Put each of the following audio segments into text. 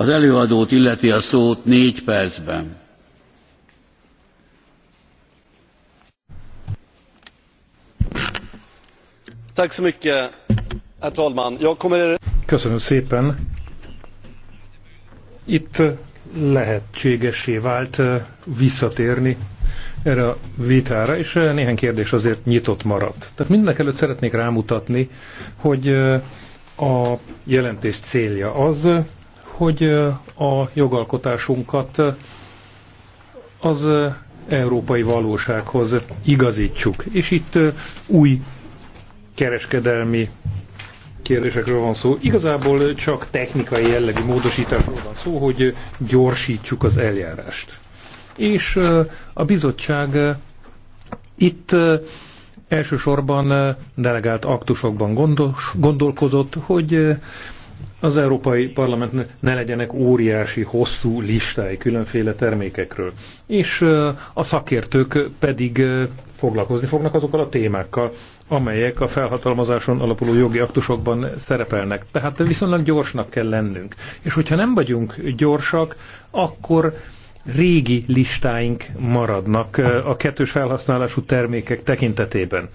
Az előadót illeti a szót négy percben. Köszönöm szépen. Itt lehetségesé vált eh, visszatérni erre a vitára, és eh, néhány kérdés azért nyitott maradt. Tehát mindenek előtt szeretnék rámutatni, hogy eh, a jelentés célja az, hogy a jogalkotásunkat az európai valósághoz igazítsuk. És itt új kereskedelmi kérdésekről van szó. Igazából csak technikai jellegű módosításról van szó, hogy gyorsítsuk az eljárást. És a bizottság itt elsősorban delegált aktusokban gondos, gondolkozott, hogy az Európai parlament ne legyenek óriási, hosszú listái különféle termékekről. És a szakértők pedig foglalkozni fognak azokkal a témákkal, amelyek a felhatalmazáson alapuló jogi aktusokban szerepelnek. Tehát viszonylag gyorsnak kell lennünk. És hogyha nem vagyunk gyorsak, akkor régi listáink maradnak a kettős felhasználású termékek tekintetében.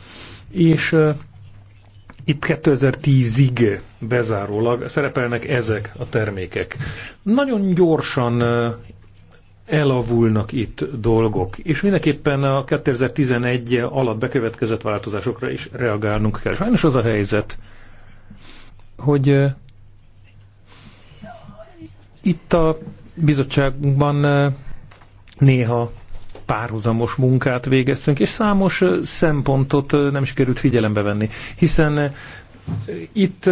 És itt 2010-ig bezárólag szerepelnek ezek a termékek. Nagyon gyorsan elavulnak itt dolgok, és mindenképpen a 2011 alatt bekövetkezett változásokra is reagálnunk kell. Sajnos az a helyzet, hogy itt a bizottságban néha párhuzamos munkát végeztünk, és számos szempontot nem sikerült figyelembe venni, hiszen itt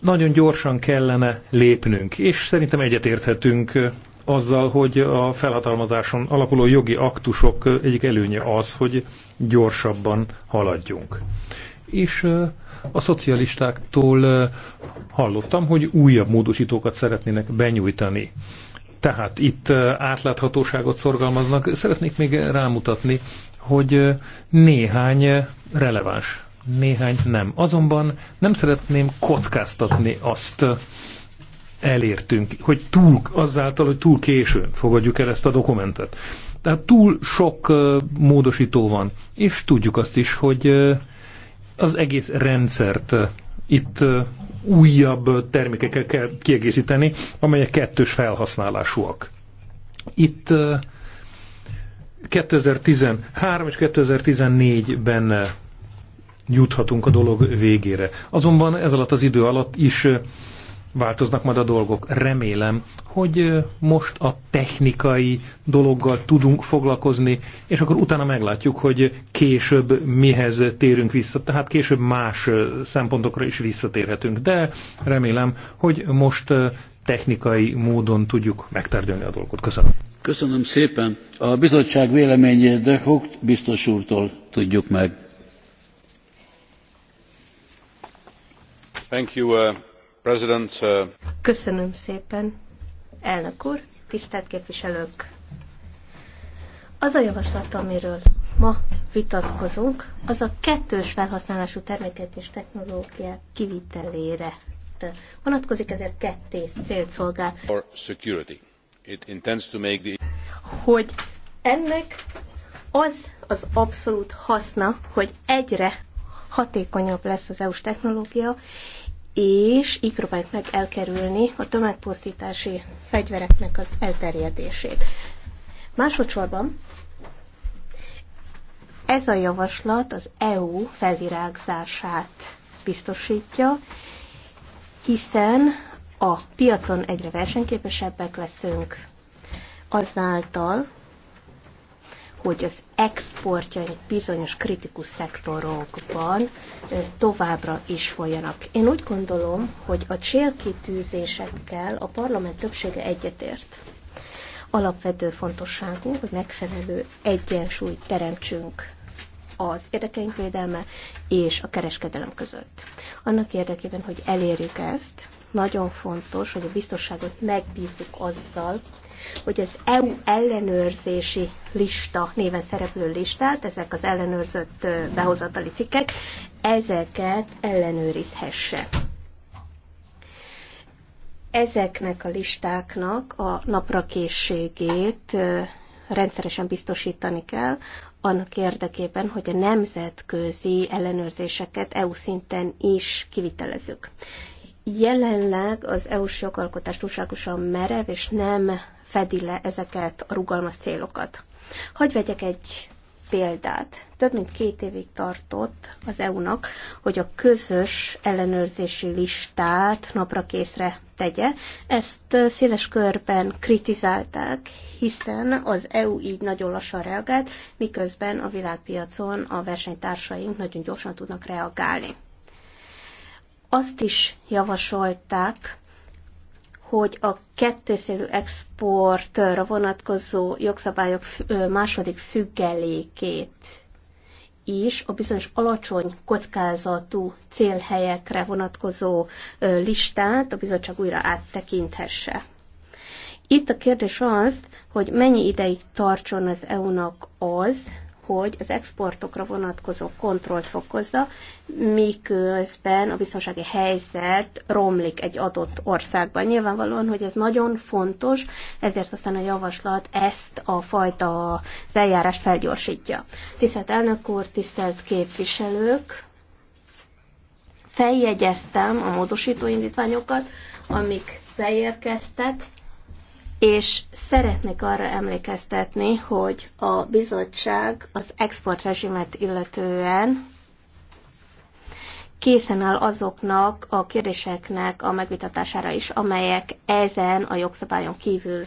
nagyon gyorsan kellene lépnünk, és szerintem egyetérthetünk azzal, hogy a felhatalmazáson alapuló jogi aktusok egyik előnye az, hogy gyorsabban haladjunk. És a szocialistáktól hallottam, hogy újabb módosítókat szeretnének benyújtani. Tehát itt átláthatóságot szorgalmaznak. Szeretnék még rámutatni, hogy néhány releváns, néhány nem. Azonban nem szeretném kockáztatni azt, elértünk, hogy túl, azáltal, hogy túl későn fogadjuk el ezt a dokumentet. Tehát túl sok módosító van, és tudjuk azt is, hogy az egész rendszert itt újabb termékekkel kell kiegészíteni, amelyek kettős felhasználásúak. Itt 2013 és 2014-ben juthatunk a dolog végére. Azonban ez alatt az idő alatt is változnak majd a dolgok. Remélem, hogy most a technikai dologgal tudunk foglalkozni, és akkor utána meglátjuk, hogy később mihez térünk vissza. Tehát később más szempontokra is visszatérhetünk. De remélem, hogy most technikai módon tudjuk megtárgyalni a dolgot. Köszönöm. Köszönöm szépen. A bizottság véleményét de Hucht biztos úrtól tudjuk meg. Thank you, uh... Uh, Köszönöm szépen, elnök úr, tisztelt képviselők! Az a javaslat, amiről ma vitatkozunk, az a kettős felhasználású termékek és technológiák kivitelére vonatkozik, ezért kettés célt szolgál. For security. It intends to make the... Hogy ennek az az abszolút haszna, hogy egyre hatékonyabb lesz az EU-s technológia, és így próbáljuk meg elkerülni a tömegpusztítási fegyvereknek az elterjedését. Másodszorban ez a javaslat az EU felvirágzását biztosítja, hiszen a piacon egyre versenyképesebbek leszünk, azáltal, hogy az exportjaink bizonyos kritikus szektorokban továbbra is folyanak. Én úgy gondolom, hogy a célkitűzésekkel a parlament többsége egyetért. Alapvető fontosságú, hogy megfelelő egyensúlyt teremtsünk az érdekeink védelme és a kereskedelem között. Annak érdekében, hogy elérjük ezt, nagyon fontos, hogy a biztonságot megbízzuk azzal, hogy az EU ellenőrzési lista, néven szereplő listát, ezek az ellenőrzött behozatali cikkek, ezeket ellenőrizhesse. Ezeknek a listáknak a naprakészségét rendszeresen biztosítani kell, annak érdekében, hogy a nemzetközi ellenőrzéseket EU szinten is kivitelezzük. Jelenleg az EU-s jogalkotás túlságosan merev és nem fedi le ezeket a rugalmas célokat. Hogy vegyek egy példát. Több mint két évig tartott az EU-nak, hogy a közös ellenőrzési listát napra készre tegye. Ezt széles körben kritizálták, hiszen az EU így nagyon lassan reagált, miközben a világpiacon a versenytársaink nagyon gyorsan tudnak reagálni. Azt is javasolták, hogy a kettőszélű exportra vonatkozó jogszabályok második függelékét is a bizonyos alacsony kockázatú célhelyekre vonatkozó listát a bizottság újra áttekinthesse. Itt a kérdés az, hogy mennyi ideig tartson az EU-nak az, hogy az exportokra vonatkozó kontrollt fokozza, miközben a biztonsági helyzet romlik egy adott országban. Nyilvánvalóan, hogy ez nagyon fontos, ezért aztán a javaslat ezt a fajta az eljárást felgyorsítja. Tisztelt elnök úr, tisztelt képviselők! Feljegyeztem a módosító indítványokat, amik beérkeztek, és szeretnék arra emlékeztetni, hogy a bizottság az exportrezsimet illetően készen áll azoknak a kérdéseknek a megvitatására is, amelyek ezen a jogszabályon kívül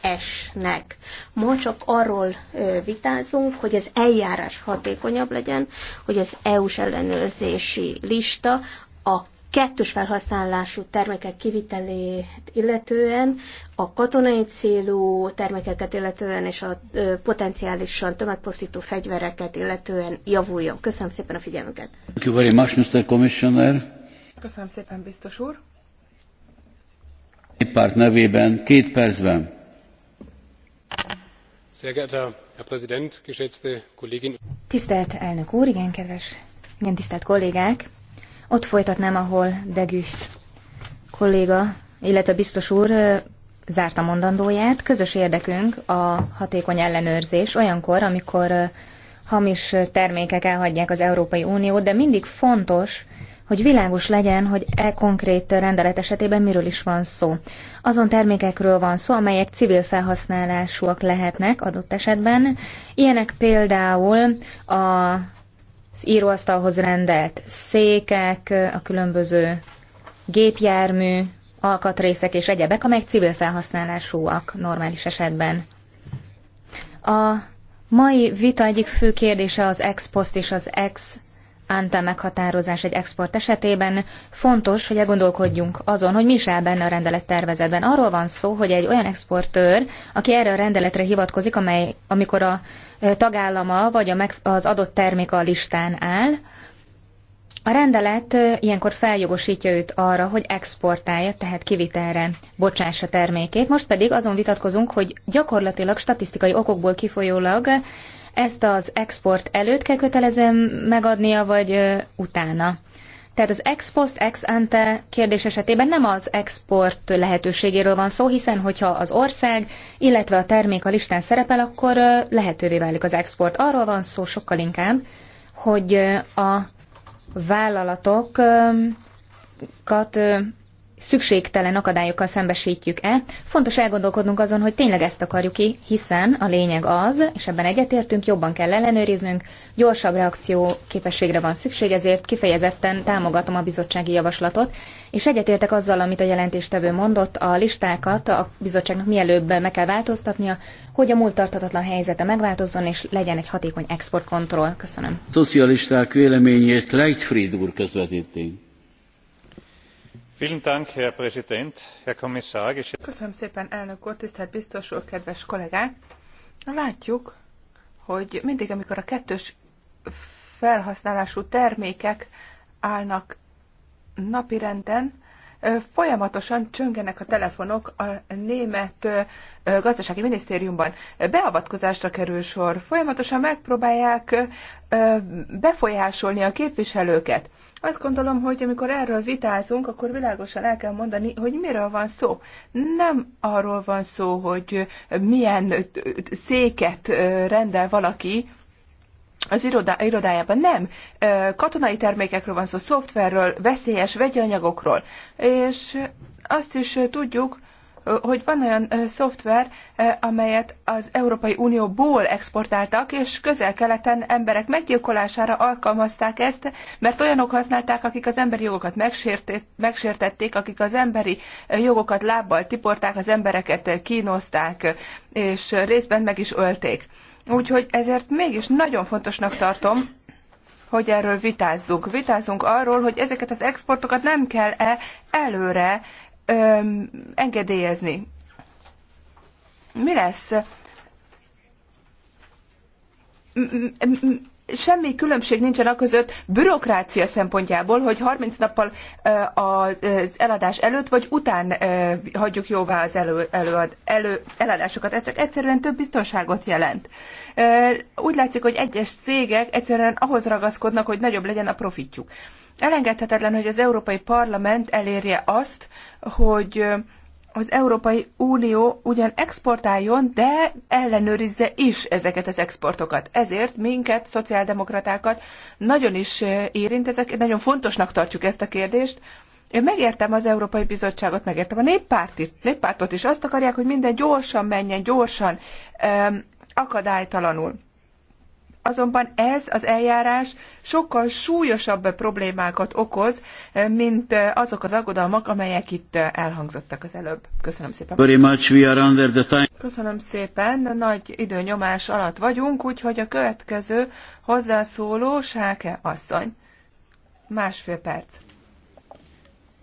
esnek. Ma csak arról vitázunk, hogy az eljárás hatékonyabb legyen, hogy az EU-s ellenőrzési lista a kettős felhasználású termékek kivitelét illetően, a katonai célú termékeket illetően és a potenciálisan tömegpusztító fegyvereket illetően javuljon. Köszönöm szépen a figyelmüket. Commissioner. Köszönöm szépen, biztos úr. párt nevében két percben. Sehr geehrter Herr Präsident, geschätzte Tisztelt elnök úr, igen, kedves, igen, tisztelt kollégák! Ott folytatnám, ahol Degüst kolléga, illetve biztos úr zárta mondandóját. Közös érdekünk a hatékony ellenőrzés olyankor, amikor hamis termékek elhagyják az Európai Uniót, de mindig fontos, hogy világos legyen, hogy e konkrét rendelet esetében miről is van szó. Azon termékekről van szó, amelyek civil felhasználásúak lehetnek adott esetben. Ilyenek például a az íróasztalhoz rendelt székek, a különböző gépjármű, alkatrészek és egyebek, amelyek civil felhasználásúak normális esetben. A mai vita egyik fő kérdése az ex post és az ex ante meghatározás egy export esetében. Fontos, hogy elgondolkodjunk azon, hogy mi is áll benne a rendelet tervezetben. Arról van szó, hogy egy olyan exportőr, aki erre a rendeletre hivatkozik, amely, amikor a tagállama vagy az adott termék a listán áll, a rendelet ilyenkor feljogosítja őt arra, hogy exportálja, tehát kivitelre bocsássa termékét. Most pedig azon vitatkozunk, hogy gyakorlatilag statisztikai okokból kifolyólag ezt az export előtt kell kötelezően megadnia, vagy utána. Tehát az ex post, ex ante kérdés esetében nem az export lehetőségéről van szó, hiszen hogyha az ország, illetve a termék a listán szerepel, akkor lehetővé válik az export. Arról van szó sokkal inkább, hogy a vállalatokat szükségtelen akadályokkal szembesítjük-e. Fontos elgondolkodnunk azon, hogy tényleg ezt akarjuk ki, hiszen a lényeg az, és ebben egyetértünk, jobban kell ellenőriznünk, gyorsabb reakció képességre van szükség, ezért kifejezetten támogatom a bizottsági javaslatot, és egyetértek azzal, amit a jelentéstevő mondott, a listákat a bizottságnak mielőbb meg kell változtatnia, hogy a múlt tartatatlan helyzete megváltozzon, és legyen egy hatékony exportkontroll. Köszönöm. Szocialisták véleményét Leitfried úr közvetíti. Köszönöm szépen, elnök úr, tisztelt biztos úr, kedves kollégák! Látjuk, hogy mindig, amikor a kettős felhasználású termékek állnak napirenden, folyamatosan csöngenek a telefonok a német gazdasági minisztériumban. Beavatkozásra kerül sor, folyamatosan megpróbálják befolyásolni a képviselőket. Azt gondolom, hogy amikor erről vitázunk, akkor világosan el kell mondani, hogy miről van szó. Nem arról van szó, hogy milyen széket rendel valaki, az irodá, irodájában. Nem, katonai termékekről van szó, szoftverről, veszélyes vegyi anyagokról. És azt is tudjuk, hogy van olyan szoftver, amelyet az Európai Unióból exportáltak, és közel-keleten emberek meggyilkolására alkalmazták ezt, mert olyanok használták, akik az emberi jogokat megsértették, akik az emberi jogokat lábbal tiporták, az embereket kínozták, és részben meg is ölték. Úgyhogy ezért mégis nagyon fontosnak tartom, hogy erről vitázzunk. Vitázzunk arról, hogy ezeket az exportokat nem kell-e előre öm, engedélyezni. Mi lesz? semmi különbség nincsen a között bürokrácia szempontjából, hogy 30 nappal az eladás előtt vagy után hagyjuk jóvá az elő, elő, elő, eladásokat. Ez csak egyszerűen több biztonságot jelent. Úgy látszik, hogy egyes cégek egyszerűen ahhoz ragaszkodnak, hogy nagyobb legyen a profitjuk. Elengedhetetlen, hogy az Európai Parlament elérje azt, hogy az Európai Unió ugyan exportáljon, de ellenőrizze is ezeket az exportokat. Ezért minket, szociáldemokratákat nagyon is eh, érint, ezek, nagyon fontosnak tartjuk ezt a kérdést. Én megértem az Európai Bizottságot, megértem a néppártit, néppártot is. Azt akarják, hogy minden gyorsan menjen, gyorsan, öm, akadálytalanul. Azonban ez az eljárás sokkal súlyosabb problémákat okoz, eh, mint eh, azok az aggodalmak, amelyek itt eh, elhangzottak az előbb. Köszönöm szépen. Very much we are under the time. Köszönöm szépen, nagy időnyomás alatt vagyunk, úgyhogy a következő hozzászóló Sáke asszony. Másfél perc.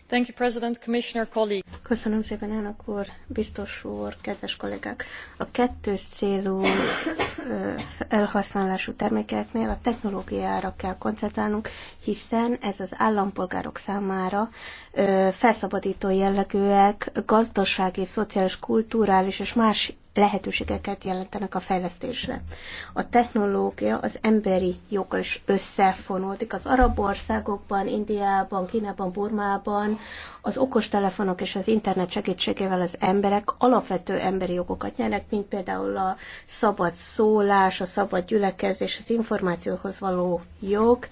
Thank you, President, Commissioner, colleague. Köszönöm szépen, elnök úr, biztos úr, kedves kollégák. A kettős célú elhasználású termékeknél a technológiára kell koncentrálnunk, hiszen ez az állampolgárok számára felszabadító jellegűek, gazdasági, szociális, kulturális és más lehetőségeket jelentenek a fejlesztésre. A technológia az emberi jogok is összefonódik. Az arab országokban, Indiában, Kínában, Burmában az okostelefonok és az internet segítségével az emberek alapvető emberi jogokat nyernek, mint például a szabad szólás, a szabad gyülekezés, az információhoz való jog,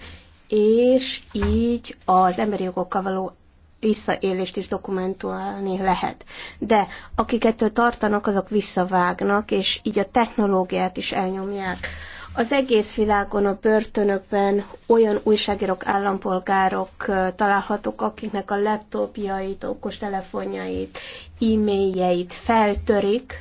és így az emberi jogokkal való visszaélést is dokumentálni lehet. De akik ettől tartanak, azok visszavágnak, és így a technológiát is elnyomják. Az egész világon a börtönökben olyan újságírók, állampolgárok találhatók, akiknek a laptopjait, okostelefonjait, e-mailjeit feltörik,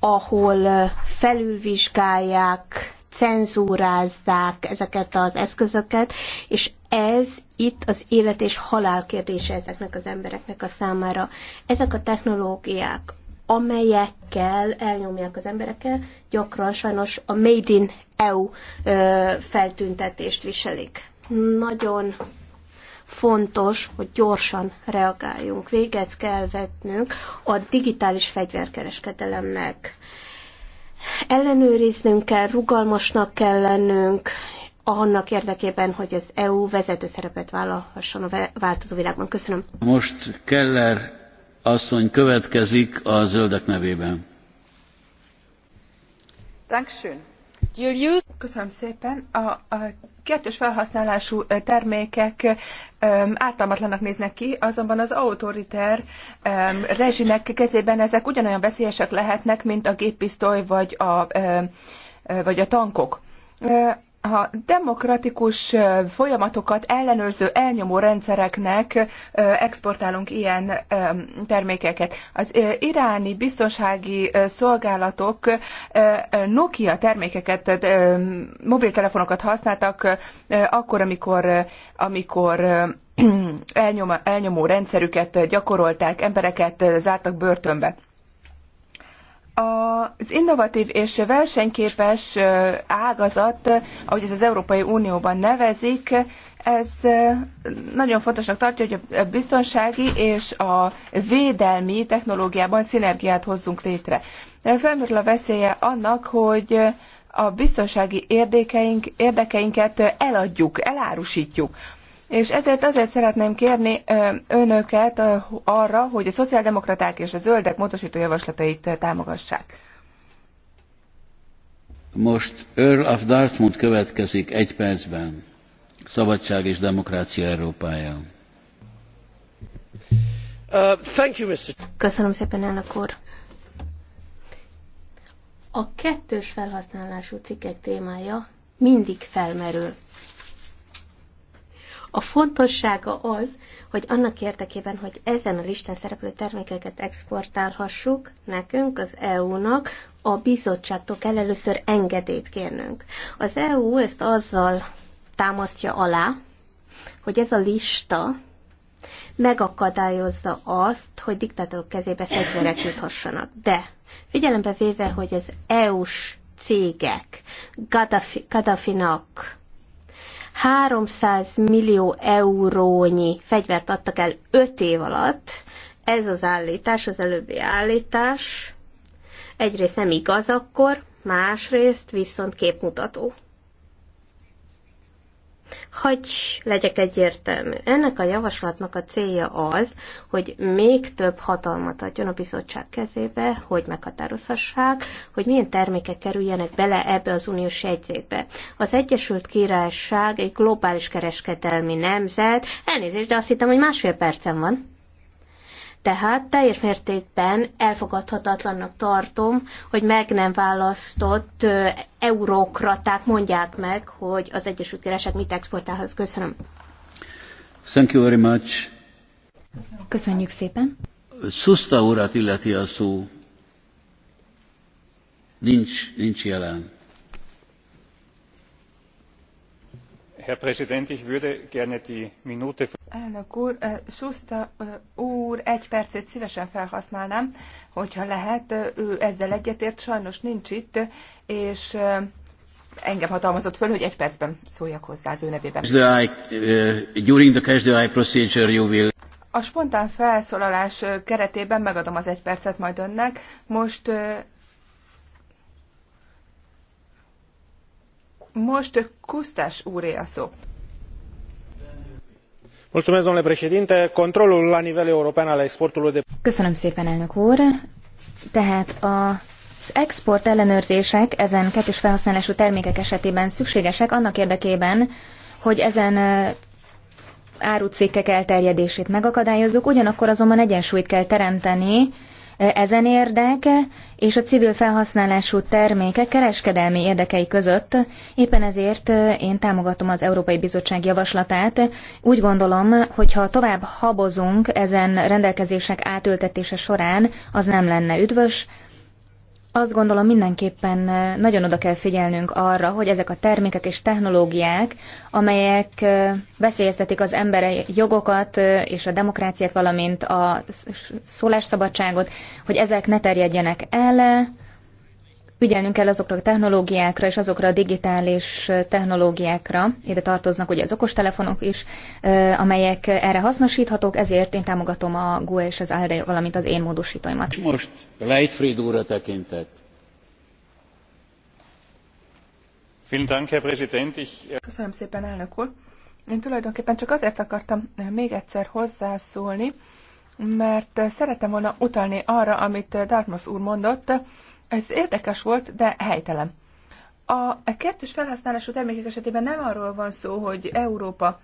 ahol felülvizsgálják, cenzúrázzák ezeket az eszközöket, és ez itt az élet és halál kérdése ezeknek az embereknek a számára. Ezek a technológiák, amelyekkel elnyomják az embereket gyakran sajnos a Made in EU feltüntetést viselik. Nagyon fontos, hogy gyorsan reagáljunk. Véget kell vetnünk a digitális fegyverkereskedelemnek. Ellenőriznünk kell, rugalmasnak kell lennünk, annak érdekében, hogy az EU vezető szerepet vállalhasson a változó világban. Köszönöm. Most Keller asszony következik a zöldek nevében. Köszönöm szépen. A, a kettős felhasználású termékek ártalmatlanak néznek ki, azonban az autoriter rezsimek kezében ezek ugyanolyan veszélyesek lehetnek, mint a géppisztoly vagy a, vagy a tankok ha demokratikus folyamatokat ellenőrző elnyomó rendszereknek exportálunk ilyen termékeket. Az iráni biztonsági szolgálatok Nokia termékeket, mobiltelefonokat használtak akkor, amikor, amikor elnyomó rendszerüket gyakorolták, embereket zártak börtönbe az innovatív és versenyképes ágazat, ahogy ez az Európai Unióban nevezik, ez nagyon fontosnak tartja, hogy a biztonsági és a védelmi technológiában szinergiát hozzunk létre. Felmerül a veszélye annak, hogy a biztonsági érdekeink, érdekeinket eladjuk, elárusítjuk. És ezért azért szeretném kérni önöket arra, hogy a szociáldemokraták és a zöldek módosító javaslatait támogassák. Most Earl of Dartmouth következik egy percben. Szabadság és demokrácia Európája. Uh, thank you, Mr. Köszönöm szépen, elnök úr. A kettős felhasználású cikkek témája mindig felmerül. A fontossága az, hogy annak érdekében, hogy ezen a listán szereplő termékeket exportálhassuk nekünk, az EU-nak, a bizottságtól kell először engedélyt kérnünk. Az EU ezt azzal támasztja alá, hogy ez a lista megakadályozza azt, hogy diktátorok kezébe fegyverek juthassanak. De figyelembe véve, hogy az EU-s cégek Gaddafi, Gaddafinak 300 millió eurónyi fegyvert adtak el 5 év alatt. Ez az állítás, az előbbi állítás egyrészt nem igaz akkor, másrészt viszont képmutató. Hogy legyek egyértelmű. Ennek a javaslatnak a célja az, hogy még több hatalmat adjon a bizottság kezébe, hogy meghatározhassák, hogy milyen termékek kerüljenek bele ebbe az uniós jegyzékbe. Az Egyesült Királyság egy globális kereskedelmi nemzet, elnézést, de azt hittem, hogy másfél percen van. Tehát teljes mértékben elfogadhatatlannak tartom, hogy meg nem választott eurokraták mondják meg, hogy az Egyesült Királyság mit exportálhat. Köszönöm. Thank you very much. Köszönjük szépen. Szuszta urat illeti a szó. Nincs, nincs jelen. Herr Präsident, ich würde gerne die Minute Elnök úr, Suszta úr, egy percét szívesen felhasználnám, hogyha lehet. Ő ezzel egyetért, sajnos nincs itt, és engem hatalmazott föl, hogy egy percben szóljak hozzá az ő nevében. A spontán felszólalás keretében megadom az egy percet majd önnek. Most most Kusztás úré a szó controlul la nivel european al de. köszönöm szépen elnök úr tehát a az export ellenőrzések ezen kettős felhasználású termékek esetében szükségesek annak érdekében, hogy ezen árucikkek elterjedését megakadályozzuk, ugyanakkor azonban egyensúlyt kell teremteni ezen érdeke és a civil felhasználású termékek kereskedelmi érdekei között. Éppen ezért eh, én támogatom az Európai Bizottság javaslatát. Úgy gondolom, hogy ha tovább habozunk ezen rendelkezések átültetése során, az nem lenne üdvös, azt gondolom mindenképpen nagyon oda kell figyelnünk arra, hogy ezek a termékek és technológiák, amelyek veszélyeztetik az emberi jogokat és a demokráciát, valamint a szólásszabadságot, hogy ezek ne terjedjenek el, figyelnünk kell azokra a technológiákra és azokra a digitális technológiákra, ide tartoznak ugye az okostelefonok is, amelyek erre hasznosíthatók, ezért én támogatom a GUE és az ALDE, valamint az én módosítóimat. Most Leitfried úrra tekintek. Äh, Köszönöm szépen, elnök úr. Én tulajdonképpen csak azért akartam még egyszer hozzászólni, mert szerettem volna utalni arra, amit Dartmouth úr mondott, ez érdekes volt, de helytelen. A kettős felhasználású termékek esetében nem arról van szó, hogy Európa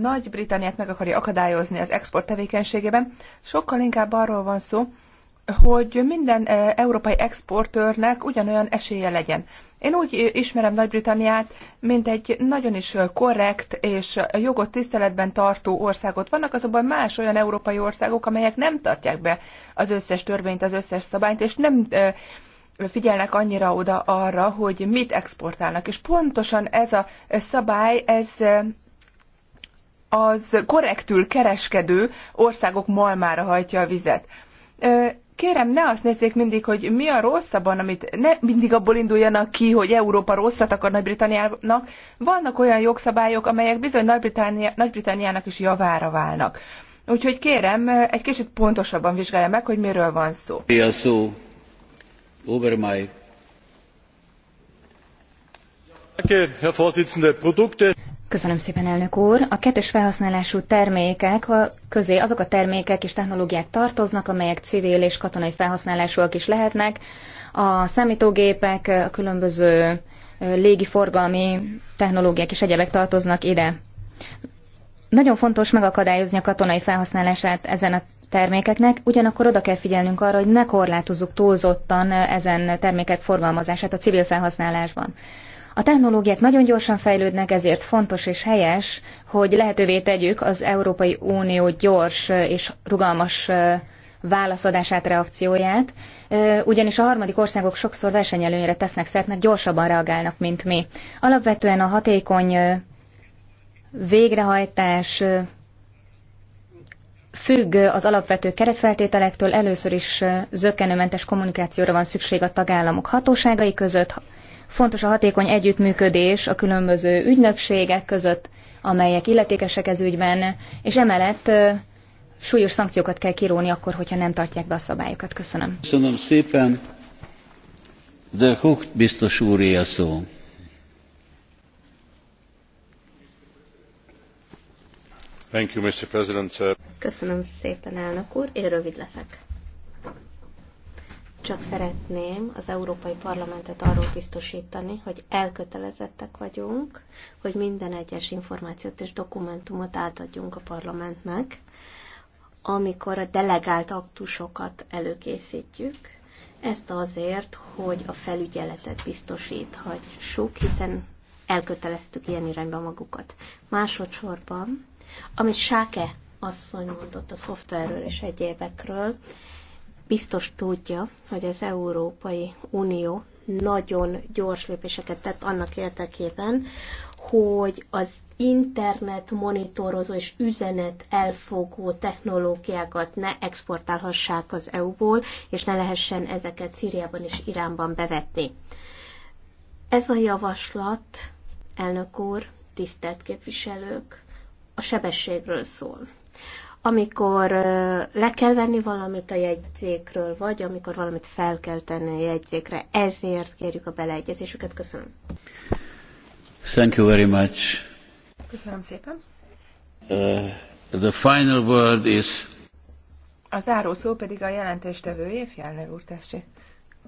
Nagy-Britanniát meg akarja akadályozni az export tevékenységében, sokkal inkább arról van szó, hogy minden eh, európai exportőrnek ugyanolyan esélye legyen. Én úgy eh, ismerem Nagy-Britanniát, mint egy nagyon is eh, korrekt és jogot tiszteletben tartó országot. Vannak azonban más olyan európai országok, amelyek nem tartják be az összes törvényt, az összes szabályt, és nem figyelnek annyira oda arra, hogy mit exportálnak. És pontosan ez a szabály, ez az korrektül kereskedő országok malmára hajtja a vizet kérem, ne azt nézzék mindig, hogy mi a rosszabban, amit ne mindig abból induljanak ki, hogy Európa rosszat akar Nagy-Britanniának. Vannak olyan jogszabályok, amelyek bizony Nagy-Britanniának is javára válnak. Úgyhogy kérem, egy kicsit pontosabban vizsgálja meg, hogy miről van szó. Mi a szó? Obermeier. Herr Vorsitzende, Produkte Köszönöm szépen, elnök úr. A kettős felhasználású termékek közé azok a termékek és technológiák tartoznak, amelyek civil és katonai felhasználásúak is lehetnek. A számítógépek, a különböző légiforgalmi technológiák és egyebek tartoznak ide. Nagyon fontos megakadályozni a katonai felhasználását ezen a termékeknek, ugyanakkor oda kell figyelnünk arra, hogy ne korlátozzuk túlzottan ezen termékek forgalmazását a civil felhasználásban. A technológiák nagyon gyorsan fejlődnek, ezért fontos és helyes, hogy lehetővé tegyük az Európai Unió gyors és rugalmas válaszadását, reakcióját, ugyanis a harmadik országok sokszor versenyelőnyre tesznek szert, mert gyorsabban reagálnak, mint mi. Alapvetően a hatékony végrehajtás függ az alapvető keretfeltételektől, először is zökkenőmentes kommunikációra van szükség a tagállamok hatóságai között, Fontos a hatékony együttműködés a különböző ügynökségek között, amelyek illetékesek ez ügyben, és emellett súlyos szankciókat kell kiróni akkor, hogyha nem tartják be a szabályokat. Köszönöm. Köszönöm szépen. De Hucht biztos úré a szó. Thank you, Mr. President. Köszönöm szépen, elnök úr. Én rövid leszek. Csak szeretném az Európai Parlamentet arról biztosítani, hogy elkötelezettek vagyunk, hogy minden egyes információt és dokumentumot átadjunk a parlamentnek, amikor a delegált aktusokat előkészítjük. Ezt azért, hogy a felügyeletet biztosíthatjuk, hiszen elköteleztük ilyen irányba magukat. Másodszorban, amit Sáke asszony mondott a szoftverről és egyébekről, biztos tudja, hogy az Európai Unió nagyon gyors lépéseket tett annak érdekében, hogy az internet monitorozó és üzenet elfogó technológiákat ne exportálhassák az EU-ból, és ne lehessen ezeket Szíriában és Iránban bevetni. Ez a javaslat, elnök úr, tisztelt képviselők, a sebességről szól amikor le kell venni valamit a jegyzékről, vagy amikor valamit fel kell tenni a jegyzékre. Ezért kérjük a beleegyezésüket. Köszönöm. Thank you very much. Köszönöm szépen. Uh, the final word is... A záró szó pedig a jelentéstevője, Fjellner úr, tessé.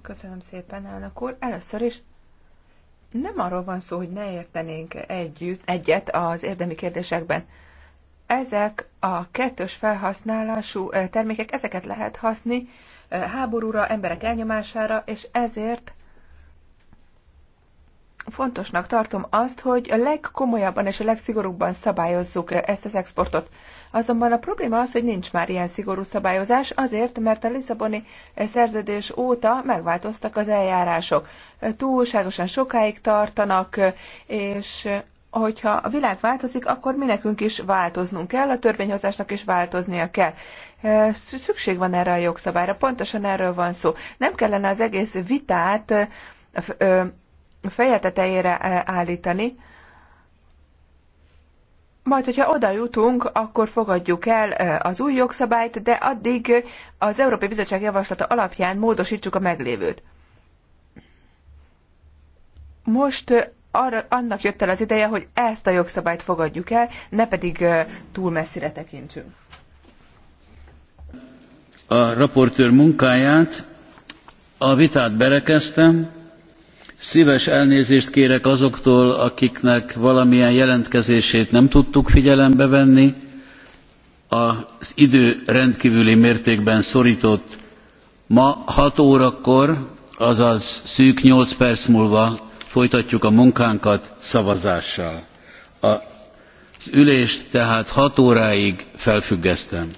Köszönöm szépen, elnök úr. Először is nem arról van szó, hogy ne értenénk együtt, egyet az érdemi kérdésekben ezek a kettős felhasználású termékek, ezeket lehet haszni háborúra, emberek elnyomására, és ezért fontosnak tartom azt, hogy a legkomolyabban és a legszigorúbban szabályozzuk ezt az exportot. Azonban a probléma az, hogy nincs már ilyen szigorú szabályozás, azért, mert a Lisszaboni szerződés óta megváltoztak az eljárások. Túlságosan sokáig tartanak, és hogyha a világ változik, akkor mi nekünk is változnunk kell, a törvényhozásnak is változnia kell. Szükség van erre a jogszabályra, pontosan erről van szó. Nem kellene az egész vitát feje tetejére állítani, majd, hogyha oda jutunk, akkor fogadjuk el az új jogszabályt, de addig az Európai Bizottság javaslata alapján módosítsuk a meglévőt. Most arra, annak jött el az ideje, hogy ezt a jogszabályt fogadjuk el, ne pedig túl messzire tekintsünk. A raportőr munkáját, a vitát berekeztem. Szíves elnézést kérek azoktól, akiknek valamilyen jelentkezését nem tudtuk figyelembe venni. Az idő rendkívüli mértékben szorított. Ma 6 órakor, azaz szűk 8 perc múlva Folytatjuk a munkánkat szavazással. Az ülést tehát hat óráig felfüggesztem.